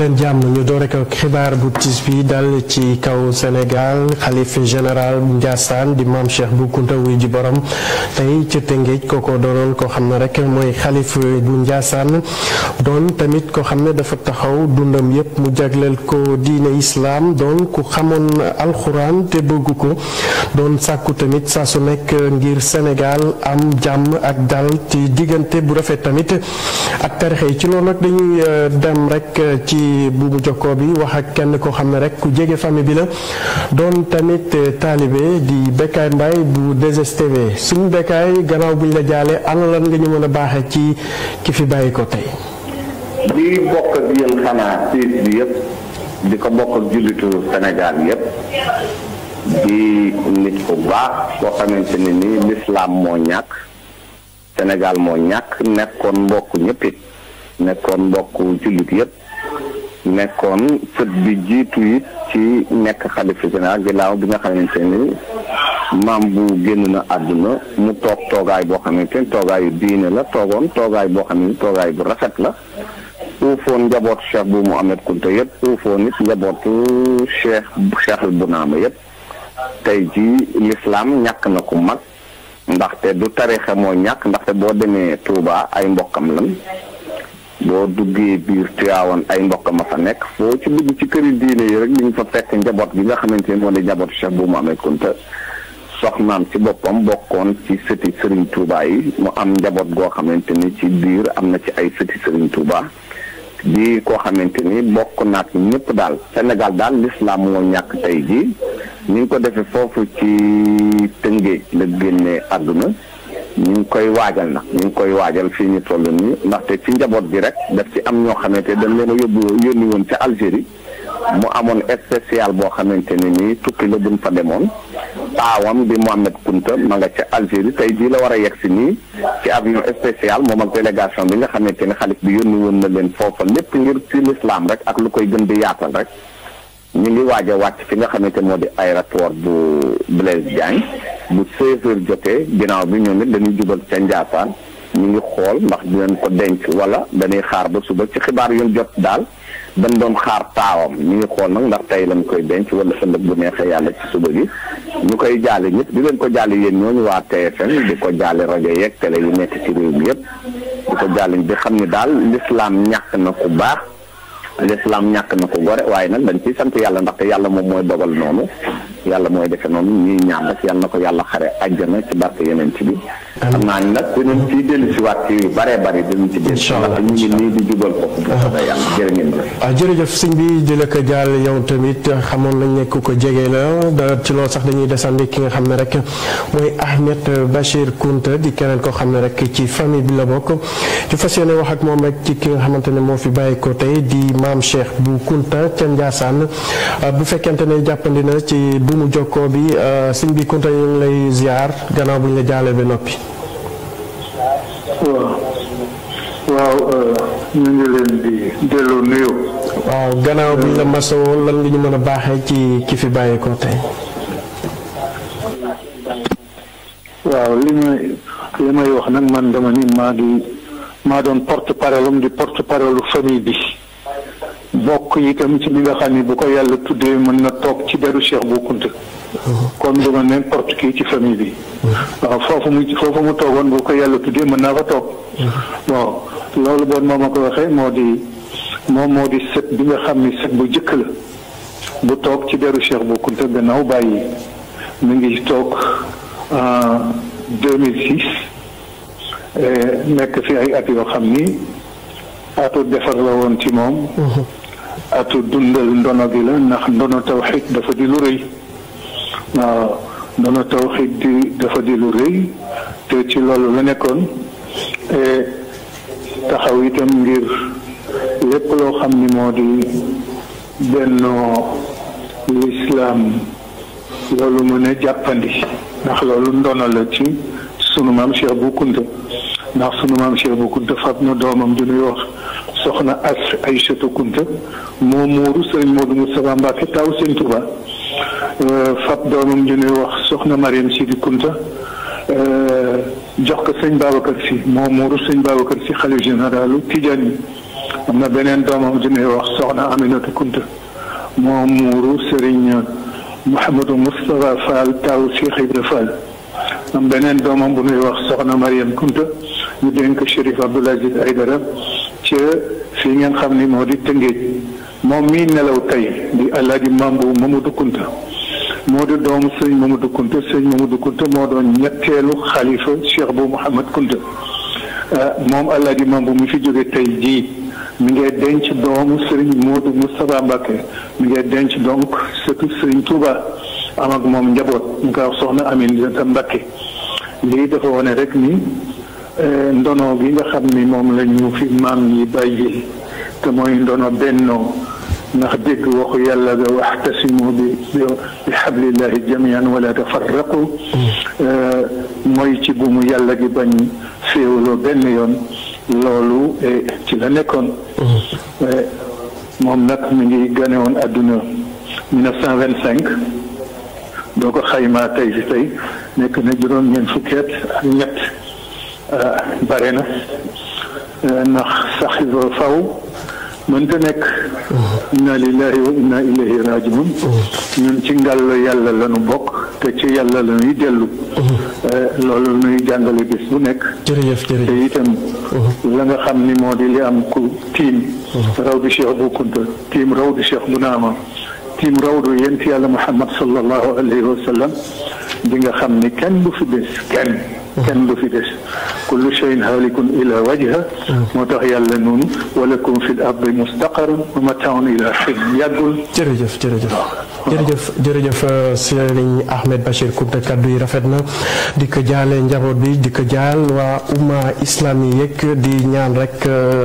leen jàmm ñu doore ko xibaar bu tiis bii dal ci kaw Sénégal xalif général Ndiassane di maam Cheikh bu Kounta wuy ji borom tey ci Tëngéej kooko doonoon ko xam ne rek mooy xalif bu Ndiassane doon tamit ko xam ne dafa taxaw dundam yépp mu jagleel ko diine islaam doon ku xamoon alxuraan te bëggu ko doon sàkku tamit saa su nekk ngir Sénégal am jàmm ak dal ci diggante bu rafet tamit ak tarixe yi ci loolu nag dañuy euh, dem rek euh, ci ci buubu jokkoo bi wax ak kenn koo xam ne rek ku jege famille bi la doon tamit euh, taalibe di Bekkaay Mbaye bu 2STV suñu Bekkaay gannaaw buñ la jaalee ana lan nga ñu mën a baaxee ci ki fi bàyyi ko tey. di bokk ak yéen xanaa siis bi yëpp di ko bokk ak jullitu Sénégal yëpp di nit ku baax koo xamante ne ni lislaam moo ñàkk Sénégal moo ñàkk nekkoon mbokk ñëpp it nekkoon mbokk jullit yëpp nekkoon sët bi jiitu it ci nekk xalifa général ginnaaw bi nga xam ne ni maam bu génn na àdduna mu toog toogaay boo xamante ni toogaayu diine la toogoon toogaay boo xam ne toogaay bu rafet la uufoon njabootu cheikh bu Mouhamed Kounta yëpp uufoon it njabootu cheikh cheikhul Bunaama yëpp tey ji lislaam ñàkk na ku mag ndaxte du tarixa moo ñàkk ndaxte boo demee Touba ay mbokkam lañ boo duggee biir Tiwaawan ay mbokk ma fa nekk foo ci dugg ci këri diine yi rek li nga fa fekk njaboot bi nga xamante ne moo di njabootu Cheikh bu mu amee Kunta soxnaam ci boppam bokkoon ci sëti Serigne Touba yi mu am njaboot goo xamante ni ci biir am na ci ay sëti Serigne Touba di koo xamante ni bokk naat ñëpp daal Sénégal daal l'islam moo ñàkk tey ji ni nga ko defee foofu ci Tëngéej la génnee àdduna ñu ngi koy waajal nag ñu ngi koy waajal fii ñu toll nii ndaxte ci njaboot bi rek daf ci am ñoo xamante dañ leen a yóbbu yónni woon ca Algérie mu amoon spécial boo xamante ne nii tukki la buñ fa demoon taawam bi Mohamed Kunta ma nga ca Algérie tey jii la war a yegg si nii ci avion spécial moom ak délégation bi nga xamante ne xalif bi yónni woon na leen foofa lépp ngir ci lislaam rek ak lu koy gën di yaatal rek ñu ngi waaj a wàcc fi nga xamante moo di aéroport bu Blaise Diagne bu 16 jotee ginaaw bi ñoom it dañuy jubal ca Ndiassane ñu ngi xool ndax dinañ ko denc wala dañuy xaar ba suba ci xibaar yoon jot daal dañ doon xaar taawam ñu ngi xool nag ndax tey lañ koy denc wala ëllëg bu neexee yàlla ci suba gi ñu koy jaale ñëpp di leen ko jàll yéen ñooñu waa TFM di ko jaale rajo yeeg télé yu nekk ci réew bi yëpp di ko jaale di xam ni daal l'islam ñàkk na ku baax l'islam ñàkk na ko gore waaye nag dañ ciy sant yàlla ndaxte yàlla moom mooy dogal noonu yàlla mooy defe noonu ñuy ñaan rek yàlla na ko yàlla xare àjjana ci barke yeneen ci bi xam naa ni nag dinañ ciy dellu si nii di jubal ah, jërëjëf sëñ bi di ko jaal yow tamit xamoon nañ ne ko jege la ci loo sax dañuy desandi ki nga xam ne rek mooy Ahmed Bachir Kounta di keneen koo xam ne rek ci famille bi la bokk. ñu fas yéene wax ak moom rek ci ki nga xamante ne moo fi bàyyi ko tey di maam Cheikh bu Kounta ca Ndiassane ah, bu fekkente ne jàppandi na ci buumu jokkoo bi ah, sëñ bi Kounta ñu ngi lay ziar gannaaw bu ñu la jaalee ba noppi. waaw waaw euh, ñu ngi leen di delloo nuyu. waaw gannaaw bi la masawoo lan nga ñu mën a baaxee ci ci fi bàyyeekoo tey. waaw li may li may wax nag man dama ni maa di maa doon porte parole am di porte parole famille bi bokk itam ci li nga xam ni bu ko yàlla tuddee mën na toog ci deru Cheikh Bou kon dama n'importe qui ci famille bi. waaw foofu mu foofu mu toogoon bu ko yàlla tuddee mën naa fa toog. bon loolu bon moom ma ko waxee moo di moom moo di sët bi nga xam ni sët bu jëkk la bu toog ci deru Cheikh Bou Kounta gannaaw bàyyi mu ngi toog en 2006 eh, nekk fi ay at yoo xam ni atu defar la woon ci moom. atu dundal ndono gi la ndax ndono tawxiid dafa di lu rëy. dana tawxiid di dafa di lu rëy te ci loolu la nekkoon e taxaw itam ngir lépp loo xam ni moo di bennoo lislaam loolu mu ne jàppandi ndax loolu ndono la ci sunu maam Cheikh Bou Kounta ndax sunu maam Cheikh Bou Kounta fab na doomam ju ñuy wax soxna as Aïchatou Kounta moo muuru sëriñ Modou Moustapha Mbacké taw sëriñ Touba fab doomam ju ñuy wax soxna Mariam Sidi Kunta jox ko sëñ Babacar si moo muuru sëñ Babacar si xalif généralu Tijaan yi am na beneen doomam ju ñuy wax soxna aminatu Kunta moo muuru sëriñ Mouhamadou mustapha Fall taw Cheikh Ibra Fall am beneen doomam bu ñuy wax soxna Mariam Kunta ñu dénk Chérif abdoulaye Aziz Aïdara ca fii ngeen xam ni moo di Tëngéej moom mii nelaw tey di alaaji Mambu Mamadou Kunta moo di doomu sëñ Mamadou Kunta sëñ Mamadou Kunta moo doon ñetteelu xalifa Cheikh bu Mouhamad Kunta euh, moom alaaji Mambu mu fi jóge tey jii mi ngay denc doomu moo Modou Moustapha Mbacke mi ngay denc donc surtout sëriñ Touba am ak moom njaboot ñu koy wax soxna Aminata Mbacke lii dafa wane rek ni euh, ndono gi nga xam ni moom la ñu fi maam yi bàyyi تموين دون بينو نخدك وخي الله واحتسموا بحبل الله جميعا ولا تفرقوا مويتي بومو يالا بن فيولو بينيون لولو اي تلانيكون مملك من غانيون ادنا 1925 دوكو خايما تاي تاي نيك نجرون نين فوكيت نيت آه بارينا آه نخ ساخيزو فاو mënta nekk. inna lillahi wa inna ilayhi rajiun ñun ci ngàllo yàlla la ñu bokk te ci yàlla la yi dellu. Eh, loolu nuy jàngale bis bu nekk. jërëjëf jërëjëf te itam. Uh-huh. la nga xam ni moo di li am ku tiim. Uh-huh. raw du Cheikh bu Kunta tiim raw du Cheikh bu Naama tiim raw du yent yàlla Muhammad sallallahu alayhi wa sallam nga xam ni kenn du fi bés كان في دش كل شيء هالك الى وجهه متحيا للنون ولكم في الارض مستقر ومتاع الى حين يقول جرجف جرجف جرجف جرجف آه، سيرين احمد بشير كنت كادو رافتنا ديك جال نجابو بي ديك جال وا اسلامي يك دي نيان رك آه،